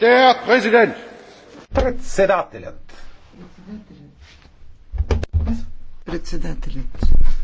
Der Präsident. Председателят. Председателят. Председателят.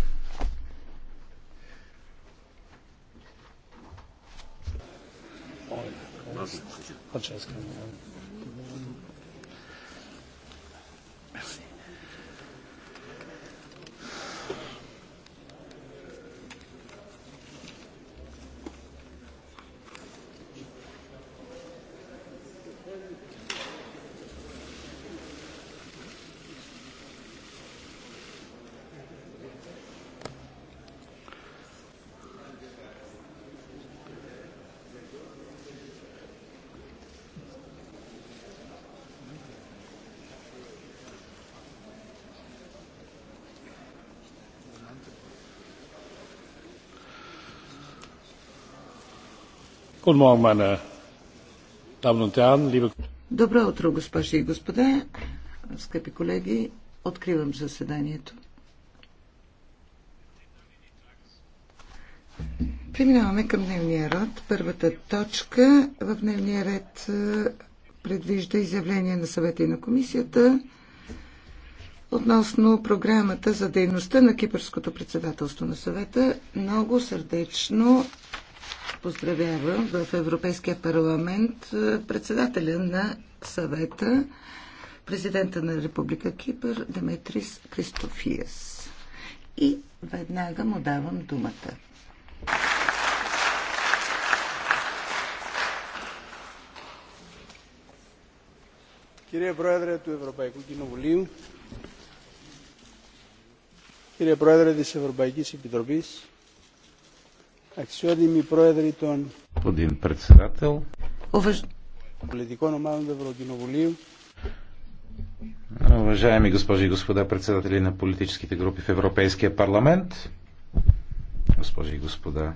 Добро утро, госпожи и господа, скъпи колеги. Откривам заседанието. Преминаваме към дневния ред. Първата точка в дневния ред предвижда изявление на съвета и на комисията относно програмата за дейността на Кипърското председателство на съвета. Много сърдечно поздравява в Европейския парламент е, председателя на съвета, президента на Република Кипър Деметрис Кристофиес. И веднага му давам думата. Κύριε Πρόεδρε του Ευρωπαϊκού Κοινοβουλίου, κύριε Πρόεδρε της Ευρωπαϊκής Επιτροπής, αξιότιμοι πρόεδροι των Господин председател, Уваж... политικών ομάδων του Уважаеми госпожи и господа председатели на политическите групи в Европейския парламент, госпожи и господа